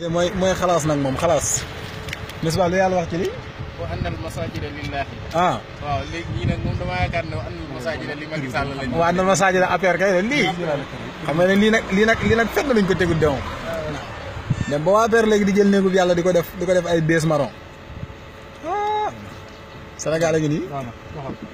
de mooy mooy xalaas nag moom xalaas n'est-ce pas lu yàlla wax ci li wa annal masaajida lillaahi ah waaw léegi ñii nag moom damaa yaakaar na wa annal masaajida li Macky Sall lañ waaw annal masaajida affaire kay li xam nga ne lii nag lii nag lii nag fenn lañ ko tegul demoom dem ba waa per léegi di jël néegub yàlla di ko def di ko def ay bées marron ah. Sénégal a ngi nii